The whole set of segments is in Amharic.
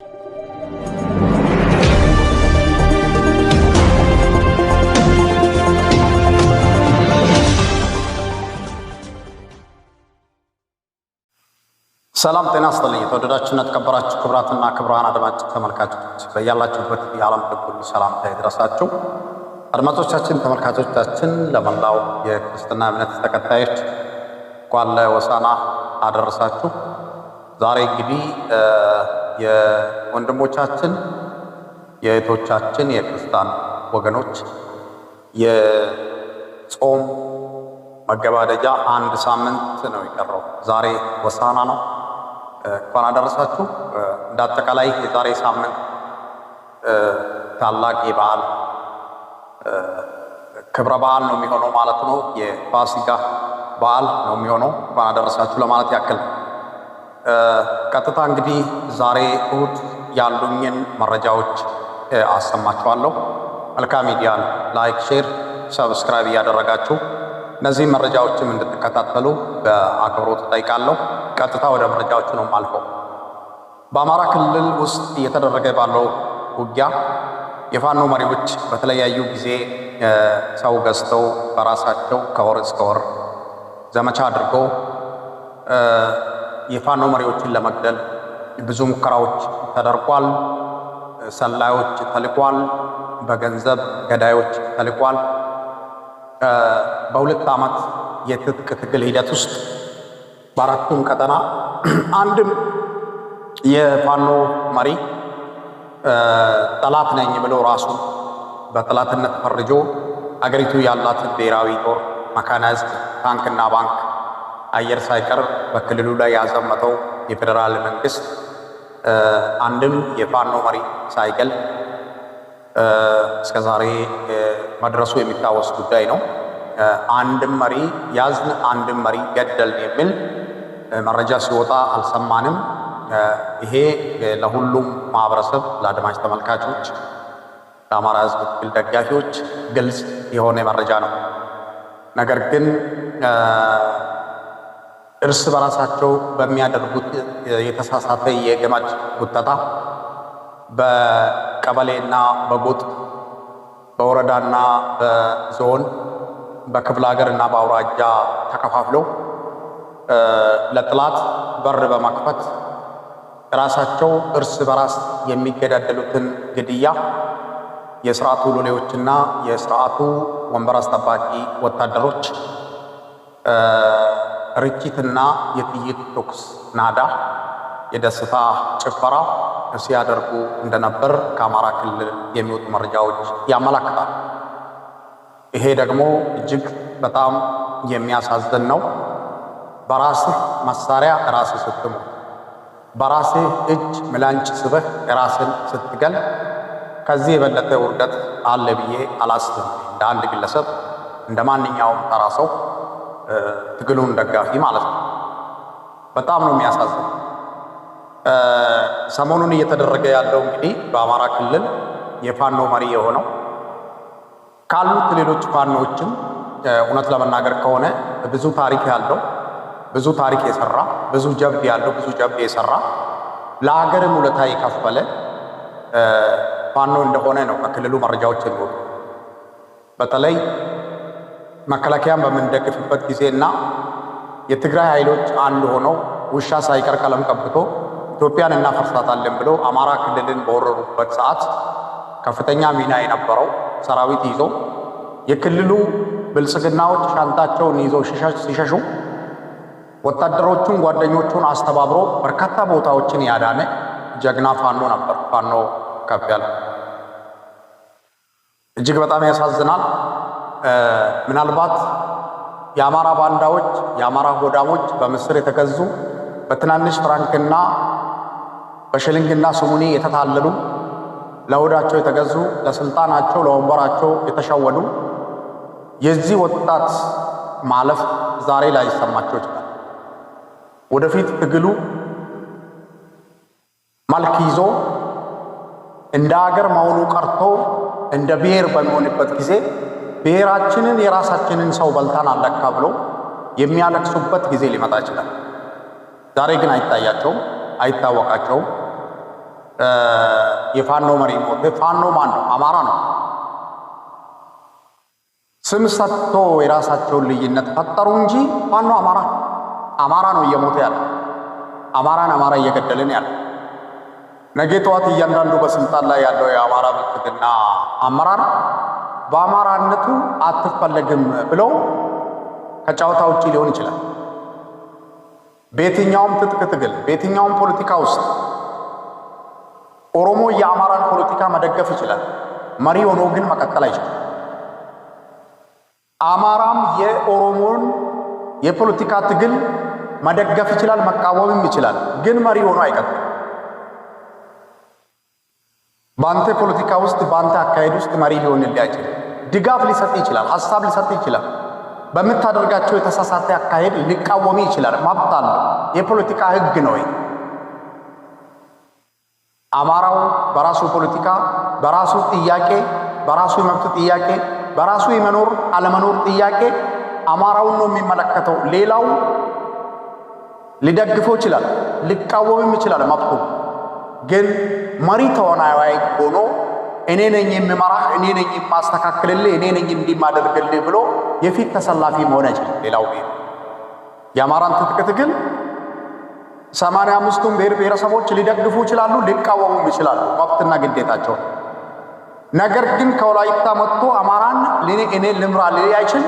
ሰላም ጤና ይስጥልኝ። የተወደዳችሁና የተከበራችሁ ክቡራትና ክቡራን አድማጭ ተመልካቾች በያላችሁበት የዓለም ጥጉል ሰላምታ ይድረሳችሁ። አድማጮቻችን፣ ተመልካቾቻችን ለመላው የክርስትና እምነት ተከታዮች እንኳን ለሆሳዕና አደረሳችሁ። ዛሬ እንግዲህ የወንድሞቻችን የእህቶቻችን የክርስቲያን ወገኖች የጾም መገባደጃ አንድ ሳምንት ነው የቀረው። ዛሬ ወሳና ነው። እንኳን አደረሳችሁ። እንደ አጠቃላይ የዛሬ ሳምንት ታላቅ የበዓል ክብረ በዓል ነው የሚሆነው ማለት ነው። የፋሲካ በዓል ነው የሚሆነው። እንኳን አደረሳችሁ ለማለት ያክል ቀጥታ እንግዲህ ዛሬ እሁድ ያሉኝን መረጃዎች አሰማችኋለሁ። መልካም ሚዲያን ላይክ፣ ሼር፣ ሰብስክራይብ እያደረጋችሁ እነዚህ መረጃዎችም እንድትከታተሉ በአክብሮት እጠይቃለሁ። ቀጥታ ወደ መረጃዎቹ ነው የማልፈው። በአማራ ክልል ውስጥ እየተደረገ ባለው ውጊያ የፋኖ መሪዎች በተለያዩ ጊዜ ሰው ገዝተው በራሳቸው ከወር እስከ ወር ዘመቻ አድርገው የፋኖ መሪዎችን ለመግደል ብዙ ሙከራዎች ተደርጓል። ሰላዮች ተልቋል። በገንዘብ ገዳዮች ተልቋል። በሁለት ዓመት የትጥቅ ትግል ሂደት ውስጥ በአራቱም ቀጠና አንድም የፋኖ መሪ ጠላት ነኝ ብሎ ራሱ በጠላትነት ፈርጆ አገሪቱ ያላትን ብሔራዊ ጦር መካናይዝድ ታንክና ባንክ አየር ሳይቀር በክልሉ ላይ ያዘመተው የፌዴራል መንግስት አንድም የፋኖ መሪ ሳይገል እስከዛሬ መድረሱ የሚታወስ ጉዳይ ነው። አንድም መሪ ያዝን፣ አንድም መሪ ገደልን የሚል መረጃ ሲወጣ አልሰማንም። ይሄ ለሁሉም ማህበረሰብ፣ ለአድማጭ ተመልካቾች፣ ለአማራ ህዝብ ትግል ደጋፊዎች ግልጽ የሆነ መረጃ ነው። ነገር ግን እርስ በራሳቸው በሚያደርጉት የተሳሳተ የገመድ ጉተታ በቀበሌና በጎጥ በወረዳና በዞን በክፍለ ሀገርና በአውራጃ ተከፋፍለው ለጥላት በር በመክፈት ራሳቸው እርስ በራስ የሚገዳደሉትን ግድያ የስርዓቱ ሎሌዎችና የስርዓቱ ወንበር አስጠባቂ ወታደሮች ርችትና የጥይት ተኩስ ናዳ፣ የደስታ ጭፈራ ሲያደርጉ እንደነበር ከአማራ ክልል የሚወጡ መረጃዎች ያመላክታል። ይሄ ደግሞ እጅግ በጣም የሚያሳዝን ነው። በራስህ መሳሪያ ራስህ ስትሙ፣ በራስህ እጅ ምላንጭ ስበህ የራስን ስትገል ከዚህ የበለጠ ውርደት አለ ብዬ አላስብም። እንደ አንድ ግለሰብ እንደ ማንኛውም ተራ ሰው ትግሉን ደጋፊ ማለት ነው። በጣም ነው የሚያሳዝን። ሰሞኑን እየተደረገ ያለው እንግዲህ በአማራ ክልል የፋኖ መሪ የሆነው ካሉት ሌሎች ፋኖዎችም እውነት ለመናገር ከሆነ ብዙ ታሪክ ያለው ብዙ ታሪክ የሰራ ብዙ ጀብድ ያለው ብዙ ጀብድ የሰራ ለሀገርም ውለታ የከፈለ ፋኖ እንደሆነ ነው ከክልሉ መረጃዎች የሚወጡ በተለይ መከላከያን በምንደግፍበት እና የትግራይ ኃይሎች አንድ ሆነው ውሻ ሳይቀር ቀለም ቀብቶ ኢትዮጵያን እናፈርሳታለን ብለው አማራ ክልልን በወረሩበት ሰዓት ከፍተኛ ሚና የነበረው ሰራዊት ይዞ የክልሉ ብልጽግናዎች ሻንጣቸውን ይዘው ሲሸሹ ወታደሮቹን ጓደኞቹን አስተባብሮ በርካታ ቦታዎችን ያዳነ ጀግና ፋኖ ነበር። ፋኖ ከፍ ያለ እጅግ በጣም ያሳዝናል። ምናልባት የአማራ ባንዳዎች፣ የአማራ ሆዳሞች በምስር የተገዙ በትናንሽ ፍራንክና በሽልንግና ስሙኒ የተታለሉ ለሆዳቸው የተገዙ ለስልጣናቸው ለወንበራቸው የተሸወዱ የዚህ ወጣት ማለፍ ዛሬ ላይ ይሰማቸው ይችላል። ወደፊት ትግሉ መልክ ይዞ እንደ አገር መሆኑ ቀርቶ እንደ ብሔር በሚሆንበት ጊዜ ብሔራችንን የራሳችንን ሰው በልታን አለካ ብሎ የሚያለቅሱበት ጊዜ ሊመጣ ይችላል። ዛሬ ግን አይታያቸውም፣ አይታወቃቸውም። የፋኖ መሪ ሞት። ፋኖ ማን ነው? አማራ ነው። ስም ሰጥቶ የራሳቸውን ልዩነት ፈጠሩ እንጂ ፋኖ አማራ አማራ ነው እየሞተ ያለ አማራን አማራ እየገደልን ያለ። ነገ ጠዋት እያንዳንዱ በስልጣን ላይ ያለው የአማራ ብልጽግና አመራር በአማራነቱ አትፈለግም ብለው ከጨዋታ ውጭ ሊሆን ይችላል። በየትኛውም ትጥቅ ትግል፣ በየትኛውም ፖለቲካ ውስጥ ኦሮሞ የአማራን ፖለቲካ መደገፍ ይችላል። መሪ ሆኖ ግን መቀጠል አይችልም። አማራም የኦሮሞን የፖለቲካ ትግል መደገፍ ይችላል፣ መቃወምም ይችላል። ግን መሪ ሆኖ አይቀጥልም። በአንተ ፖለቲካ ውስጥ በአንተ አካሄድ ውስጥ መሪ ሊሆን ሊያችል ድጋፍ ሊሰጥ ይችላል፣ ሀሳብ ሊሰጥ ይችላል። በምታደርጋቸው የተሳሳተ አካሄድ ሊቃወም ይችላል። መብት አለው። የፖለቲካ ህግ ነው። አማራው በራሱ ፖለቲካ፣ በራሱ ጥያቄ፣ በራሱ የመብት ጥያቄ፣ በራሱ የመኖር አለመኖር ጥያቄ አማራውን ነው የሚመለከተው። ሌላው ሊደግፈው ይችላል፣ ሊቃወምም ይችላል። መብቱ ግን መሪ ተዋናይ ሆኖ እኔ ነኝ የምመራህ፣ እኔ ነኝ የማስተካክልልህ፣ እኔ ነኝ እንዲማደርግልህ ብሎ የፊት ተሰላፊ መሆን አይችልም። ሌላው ብሔር የአማራን ትጥቅ ትግል ሰማንያ አምስቱን ብሔር ብሔረሰቦች ሊደግፉ ይችላሉ፣ ሊቃወሙም ይችላሉ። መብትና ግዴታቸው። ነገር ግን ከወላይታ መጥቶ አማራን እኔ ልምራ ሊል አይችል።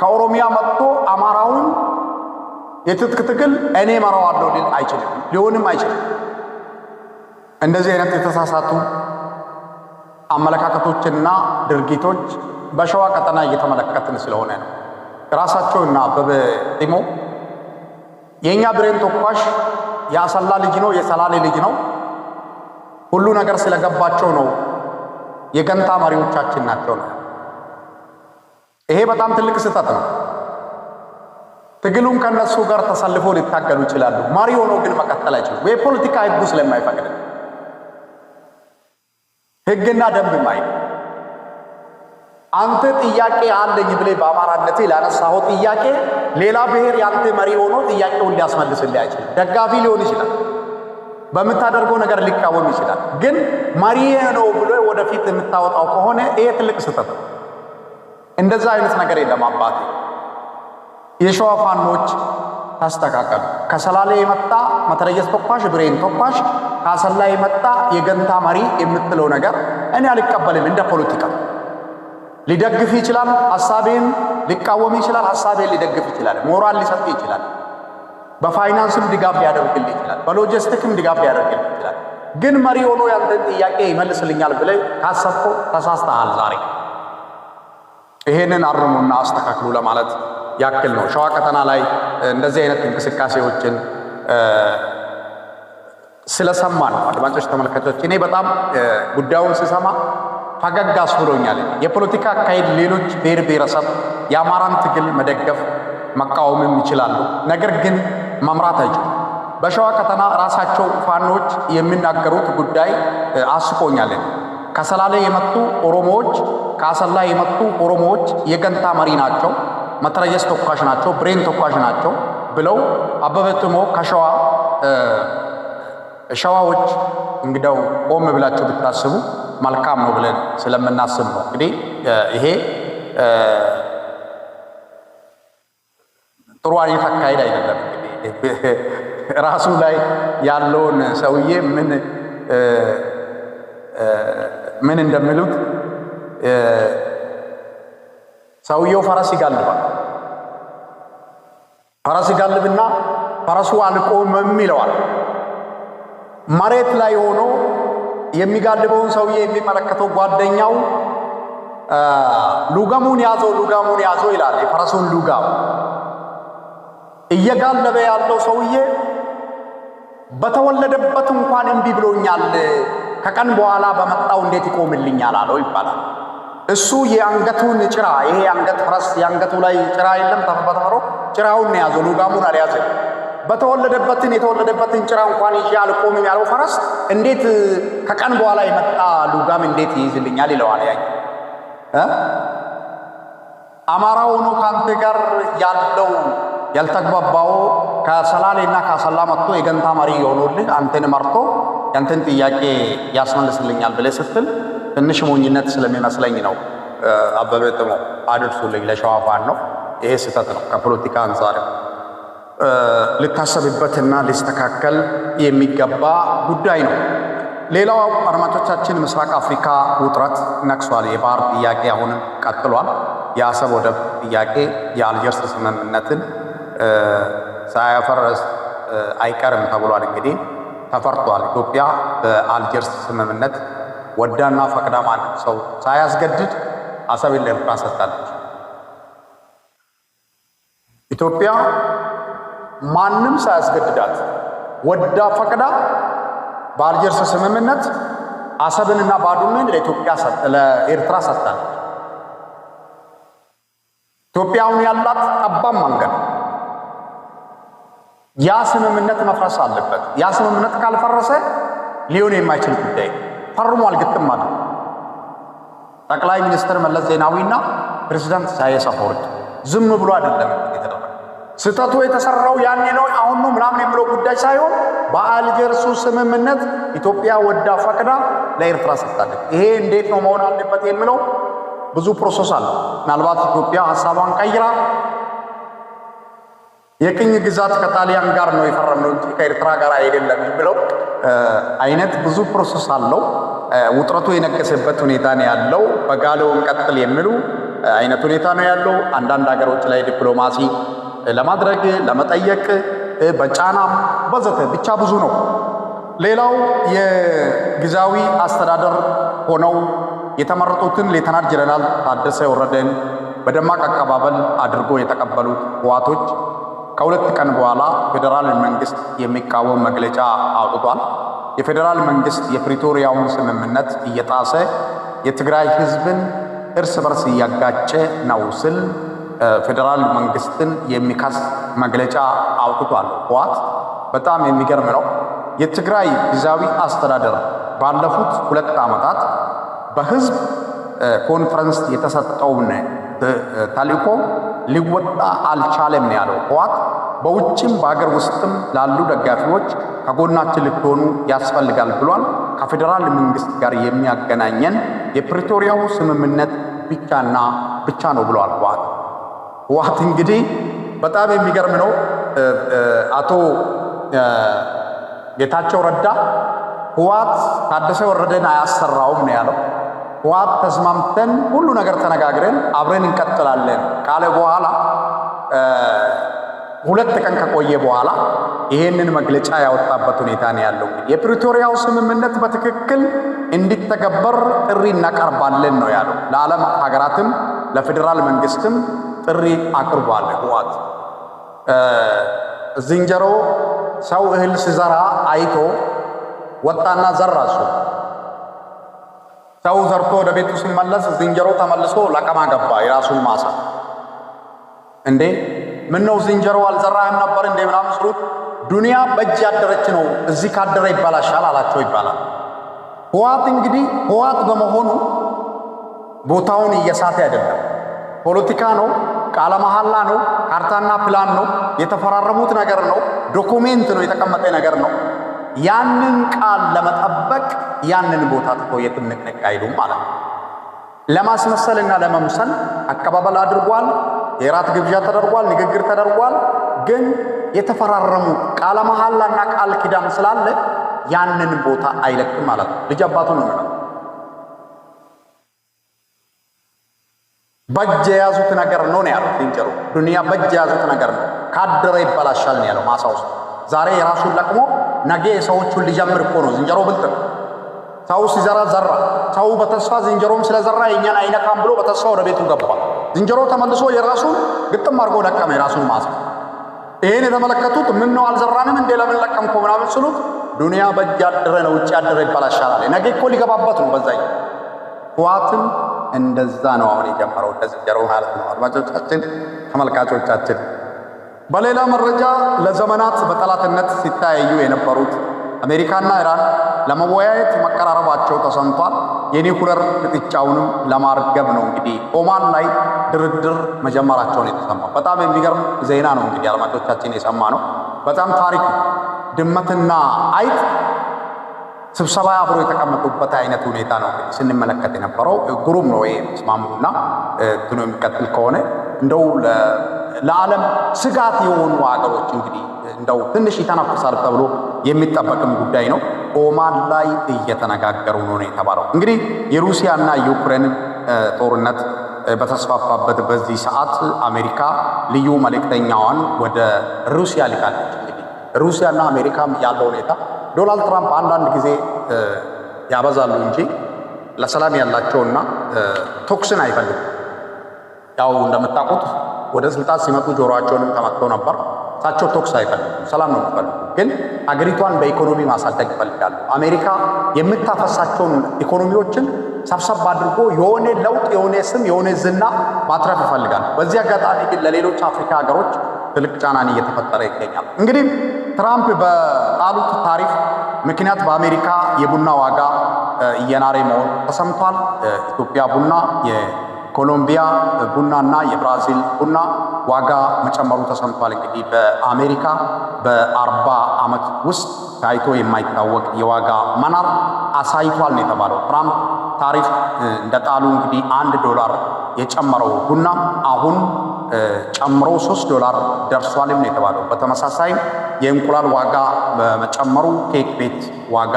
ከኦሮሚያ መጥቶ አማራውን የትጥቅ ትግል እኔ መራዋለሁ ሊል አይችልም፣ ሊሆንም አይችልም። እንደዚህ አይነት የተሳሳቱ አመለካከቶችና ድርጊቶች በሸዋ ቀጠና እየተመለከትን ስለሆነ ነው። ራሳቸውና አበበ ዲሞ የእኛ ብሬን ተኳሽ የአሰላ ልጅ ነው፣ የሰላሌ ልጅ ነው፣ ሁሉ ነገር ስለገባቸው ነው፣ የገንታ መሪዎቻችን ናቸው ነው። ይሄ በጣም ትልቅ ስህተት ነው። ትግሉን ከነሱ ጋር ተሰልፎ ሊታገሉ ይችላሉ። መሪ ሆኖ ግን መቀጠል አይችሉም፣ የፖለቲካ ህጉ ስለማይፈቅድ ህግና ደንብ ማይ አንተ ጥያቄ አለኝ ብለህ በአማራነቴ ላነሳሁ ጥያቄ ሌላ ብሔር ያንተ መሪ ሆኖ ጥያቄውን ሊያስመልስልህ አይችልም። ደጋፊ ሊሆን ይችላል፣ በምታደርገው ነገር ሊቃወም ይችላል። ግን መሪ ነው ብሎ ወደፊት የምታወጣው ከሆነ ይሄ ትልቅ ስህተት ነው። እንደዛ አይነት ነገር የለም አባቴ የሸዋ ፋኖች ተስተካከሉ። ከሰላሌ የመጣ መተረየስ ተኳሽ ብሬን ተኳሽ ከአሰላ የመጣ የገንታ መሪ የምትለው ነገር እኔ አልቀበልም። እንደ ፖለቲካ ሊደግፍ ይችላል፣ ሀሳቤን ሊቃወም ይችላል፣ ሀሳቤን ሊደግፍ ይችላል፣ ሞራል ሊሰጥ ይችላል፣ በፋይናንስም ድጋፍ ሊያደርግል ይችላል፣ በሎጂስቲክም ድጋፍ ሊያደርግል ይችላል። ግን መሪ ሆኖ ያንተን ጥያቄ ይመልስልኛል ብለህ ካሰብከው ተሳስተሃል ዛሬ። ይሄንን አርሙና አስተካክሉ ለማለት ያክል ነው። ሸዋ ቀጠና ላይ እንደዚህ አይነት እንቅስቃሴዎችን ስለሰማ ነው። አድማጮች፣ ተመልካቾች እኔ በጣም ጉዳዩን ስሰማ ፈገግ አስብሎኛል። የፖለቲካ አካሄድ ሌሎች ብሔር ብሔረሰብ የአማራን ትግል መደገፍ መቃወምም ይችላሉ፣ ነገር ግን መምራት አይችሉም። በሸዋ ቀጠና ራሳቸው ፋኖች የሚናገሩት ጉዳይ አስቆኛል። ከሰላሌ የመጡ ኦሮሞዎች ከአሰላ የመጡ ኦሮሞዎች የገንታ መሪ ናቸው መትረየስ ተኳሽ ናቸው፣ ብሬን ተኳሽ ናቸው ብለው አበበ ጥሞ ከሸዋ ሸዋዎች እንግዲያው ቆም ብላችሁ ብታስቡ መልካም ነው ብለን ስለምናስብ ነው። እንግዲህ ይሄ ጥሩ አይነት አካሄድ አይደለም። ራሱ ላይ ያለውን ሰውዬ ምን ምን እንደሚሉት ሰውየው ፈረስ ይጋልባል። ፈረስ ይጋልብና ፈረሱ አልቆምም ይለዋል። መሬት ላይ ሆኖ የሚጋልበውን ሰውዬ የሚመለከተው ጓደኛው ሉጋሙን ያዘው፣ ሉጋሙን ያዘው ይላል። የፈረሱን ሉጋም እየጋለበ ያለው ሰውዬ በተወለደበት እንኳን እምቢ ብሎኛል፣ ከቀን በኋላ በመጣው እንዴት ይቆምልኛል አለው ይባላል። እሱ የአንገቱን ጭራ ይሄ የአንገት ፈረስ የአንገቱ ላይ ጭራ የለም ተፈተፈሮ ጭራውን ነው ያዘው፣ ልጓሙን አልያዘም። በተወለደበትን የተወለደበትን ጭራ እንኳን ይዤ አልቆምም ያለው ፈረስ እንዴት ከቀን በኋላ የመጣ ሉጋም እንዴት ይይዝልኛል ይለዋል። ያ አማራ ሆኖ ከአንተ ጋር ያለው ያልተግባባው ከሰላሌና ከሰላ መጥቶ የገንታ መሪ የሆኑልህ አንተን መርቶ ያንተን ጥያቄ ያስመልስልኛል ብለህ ስትል ትንሽ ሞኝነት ስለሚመስለኝ ነው። አበበ ጥሞ አድርሱልኝ ለሸዋፋን ነው። ይሄ ስህተት ነው። ከፖለቲካ አንጻር ልታሰብበትና ሊስተካከል የሚገባ ጉዳይ ነው። ሌላው አድማጮቻችን፣ ምስራቅ አፍሪካ ውጥረት ነክሷል። የባህር ጥያቄ አሁንም ቀጥሏል። የአሰብ ወደብ ጥያቄ የአልጀርስ ስምምነትን ሳያፈርስ አይቀርም ተብሏል። እንግዲህ ተፈርቷል። ኢትዮጵያ በአልጀርስ ስምምነት ወዳና ፈቅዳ ማንም ሰው ሳያስገድድ አሰብን ለኤርትራ ሰጣለች። ኢትዮጵያ ማንም ሳያስገድዳት ወዳ ፈቅዳ በአልጀርስ ስምምነት አሰብንና ባድመን ለኢትዮጵያ ለኤርትራ ሰጣለች። ኢትዮጵያውን ያላት ጠባብ መንገድ ያ ስምምነት መፍረስ አለበት። ያ ስምምነት ካልፈረሰ ሊሆን የማይችል ጉዳይ ፈርሟል፣ ግጥም አለ። ጠቅላይ ሚኒስትር መለስ ዜናዊና ፕሬዚዳንት ኢሳያስ አፈወርቂ ዝም ብሎ አይደለም ስህተቱ የተሰራው ያኔ ነው አሁን ነው ምናምን የሚለው ጉዳይ ሳይሆን በአልጀርሱ ስምምነት ኢትዮጵያ ወዳ ፈቅዳ ለኤርትራ ሰጥታለች። ይሄ እንዴት ነው መሆን አለበት የሚለው ብዙ ፕሮሰስ አለ። ምናልባት ኢትዮጵያ ሀሳቧን ቀይራ የቅኝ ግዛት ከጣሊያን ጋር ነው የፈረምነው እንጂ ከኤርትራ ጋር አይደለም የሚለው አይነት ብዙ ፕሮሰስ አለው። ውጥረቱ የነገሰበት ሁኔታ ነው ያለው። በጋለው እንቀጥል የሚሉ አይነት ሁኔታ ነው ያለው። አንዳንድ ሀገሮች ላይ ዲፕሎማሲ ለማድረግ ለመጠየቅ በጫናም በዘተ ብቻ ብዙ ነው። ሌላው የጊዜያዊ አስተዳደር ሆነው የተመረጡትን ሌተናል ጀነራል ታደሰ ወረደን በደማቅ አቀባበል አድርጎ የተቀበሉት ህዋቶች ከሁለት ቀን በኋላ ፌዴራል መንግስት የሚቃወም መግለጫ አውጥቷል። የፌዴራል መንግስት የፕሪቶሪያውን ስምምነት እየጣሰ የትግራይ ህዝብን እርስ በርስ እያጋጨ ነው ስል ፌዴራል መንግስትን የሚከስ መግለጫ አውጥቷል። ህወሓት በጣም የሚገርም ነው። የትግራይ ጊዜያዊ አስተዳደር ባለፉት ሁለት ዓመታት በህዝብ ኮንፈረንስ የተሰጠውን ተልእኮ ሊወጣ አልቻለም ነው ያለው ህወሓት። በውጭም በሀገር ውስጥም ላሉ ደጋፊዎች ከጎናችን ልትሆኑ ያስፈልጋል ብሏል። ከፌዴራል መንግስት ጋር የሚያገናኘን የፕሪቶሪያው ስምምነት ብቻና ብቻ ነው ብሏል ህወሓት። ህወሓት እንግዲህ በጣም የሚገርም ነው። አቶ ጌታቸው ረዳ ህወሓት ታደሰ ወረደን አያሰራውም ነው ያለው። ዋብ ተስማምተን ሁሉ ነገር ተነጋግረን አብረን እንቀጥላለን ካለ በኋላ ሁለት ቀን ከቆየ በኋላ ይሄንን መግለጫ ያወጣበት ሁኔታ ነው ያለው። የፕሪቶሪያው ስምምነት በትክክል እንዲተገበር ጥሪ እናቀርባለን ነው ያለው። ለዓለም ሀገራትም ለፌዴራል መንግስትም ጥሪ አቅርቧል። ህዋት ዝንጀሮ ሰው እህል ሲዘራ አይቶ ወጣና ዘራ እሱ ሰው ዘርቶ ወደ ቤቱ ሲመለስ ዝንጀሮ ተመልሶ ለቀማ ገባ የራሱን ማሳ። እንዴ ምን ነው ዝንጀሮ አልዘራህም ነበር እንዴ ምናምን ስሉት ዱንያ በእጅ ያደረች ነው፣ እዚህ ካደረ ይበላሻል አላቸው ይባላል። ህዋት እንግዲህ ህዋት በመሆኑ ቦታውን እየሳተ አይደለም። ፖለቲካ ነው፣ ቃለ መሐላ ነው፣ ካርታና ፕላን ነው፣ የተፈራረሙት ነገር ነው፣ ዶኩሜንት ነው፣ የተቀመጠ ነገር ነው። ያንን ቃል ለመጠበቅ ያንን ቦታ ትተው የትም ንቅንቅ አይሉም ማለት ነው። ለማስመሰልና ለመምሰል አቀባበል አድርጓል፣ የራት ግብዣ ተደርጓል፣ ንግግር ተደርጓል። ግን የተፈራረሙ ቃለ መሐላና ቃል ኪዳን ስላለ ያንን ቦታ አይለቅም ማለት ነው። ልጅ አባቱ ነው የሚለው። በእጅ የያዙት ነገር ነው ነው ያሉት። ዝንጀሮ። ዱንያ በእጅ የያዙት ነገር ነው፣ ካደረ ይበላሻል ነው ያለው ማሳ ውስጥ ዛሬ የራሱን ለቅሞ ነገ የሰዎቹን ሊጀምር እኮ ነው። ዝንጀሮ ብልጥ ነው። ሰው ሲዘራ ዘራ። ሰው በተስፋ ዝንጀሮም ስለዘራ የእኛን አይነካም ብሎ በተስፋ ወደ ቤቱ ገባ። ዝንጀሮ ተመልሶ የራሱን ግጥም አድርጎ ለቀመ፣ የራሱን ማሳ። ይህን የተመለከቱት ምን ነው አልዘራንም እንዴ ለምን ለቀምኮ ምናምን ስሉት ዱንያ በእጅ ያደረ ነው ውጭ ያደረ ይባላል ይሻላል። ነገ እኮ ሊገባበት ነው። በዛ ህዋትም እንደዛ ነው አሁን የጀመረው እንደ ዝንጀሮ ማለት ነው። አድማጮቻችን ተመልካቾቻችን በሌላ መረጃ ለዘመናት በጠላትነት ሲታያዩ የነበሩት አሜሪካና ኢራን ለመወያየት መቀራረባቸው ተሰምቷል። የኒኩለር ፍጥጫውንም ለማርገብ ነው እንግዲህ ኦማን ላይ ድርድር መጀመራቸውን የተሰማው በጣም የሚገርም ዜና ነው። እንግዲህ አድማጮቻችን የሰማ ነው በጣም ታሪክ ድመትና አይጥ ስብሰባ አብሮ የተቀመጡበት አይነት ሁኔታ ነው ስንመለከት የነበረው። ግሩም ነው ይሄ። ስማሙና እንትኑ የሚቀጥል ከሆነ እንደው ለዓለም ስጋት የሆኑ ሀገሮች እንግዲህ እንደው ትንሽ ይተነፍሳል ተብሎ የሚጠበቅም ጉዳይ ነው። ኦማን ላይ እየተነጋገሩ ነው የተባለው። እንግዲህ የሩሲያና የዩክሬን ጦርነት በተስፋፋበት በዚህ ሰዓት አሜሪካ ልዩ መልእክተኛዋን ወደ ሩሲያ ልካለች። እንግዲህ ሩሲያና አሜሪካ ያለው ሁኔታ ዶናልድ ትራምፕ አንዳንድ ጊዜ ያበዛሉ እንጂ ለሰላም ያላቸውና ተኩስን አይፈልጉም። ያው እንደምታውቁት ወደ ስልጣን ሲመጡ ጆሮአቸውንም ከመጥተው ነበር። እሳቸው ቶክስ አይፈልጉ ሰላም ነው የሚፈልጉ። ግን አገሪቷን በኢኮኖሚ ማሳደግ ይፈልጋሉ። አሜሪካ የምታፈሳቸውን ኢኮኖሚዎችን ሰብሰብ አድርጎ የሆነ ለውጥ፣ የሆነ ስም፣ የሆነ ዝና ማትረፍ ይፈልጋል። በዚህ አጋጣሚ ግን ለሌሎች አፍሪካ ሀገሮች ትልቅ ጫናን እየተፈጠረ ይገኛል። እንግዲህ ትራምፕ በጣሉት ታሪፍ ምክንያት በአሜሪካ የቡና ዋጋ እየናረ መሆን ተሰምቷል። ኢትዮጵያ ቡና የኮሎምቢያ ቡና እና የብራዚል ቡና ዋጋ መጨመሩ ተሰምቷል። እንግዲህ በአሜሪካ በአርባ ዓመት ውስጥ ታይቶ የማይታወቅ የዋጋ መናር አሳይቷል ነው የተባለው። ትራምፕ ታሪፍ እንደጣሉ እንግዲህ አንድ ዶላር የጨመረው ቡና አሁን ጨምሮ ሶስት ዶላር ደርሷልም ነው የተባለው። በተመሳሳይም የእንቁላል ዋጋ መጨመሩ፣ ኬክ ቤት ዋጋ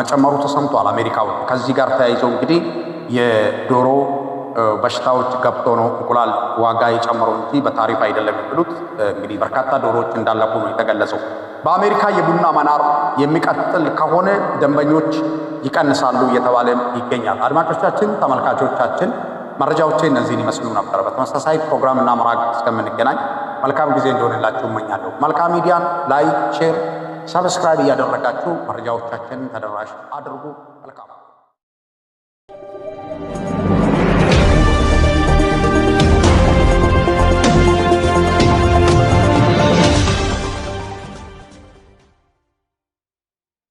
መጨመሩ ተሰምቷል። አሜሪካ። ከዚህ ጋር ተያይዘው እንግዲህ የዶሮ በሽታዎች ገብቶ ነው እንቁላል ዋጋ የጨመረው እንጂ በታሪፍ አይደለም የሚሉት እንግዲህ በርካታ ዶሮዎች እንዳለፉ ነው የተገለጸው። በአሜሪካ የቡና መናር የሚቀጥል ከሆነ ደንበኞች ይቀንሳሉ እየተባለ ይገኛል። አድማጮቻችን፣ ተመልካቾቻችን መረጃዎች እነዚህን ይመስሉ ነበር። በተመሳሳይ ፕሮግራም እና መርሃ ግብር እስከምንገናኝ መልካም ጊዜ እንደሆነላችሁ እመኛለሁ። መልካም ሚዲያን ላይክ፣ ሼር፣ ሰብስክራይብ እያደረጋችሁ መረጃዎቻችን ተደራሽ አድርጉ። መልካም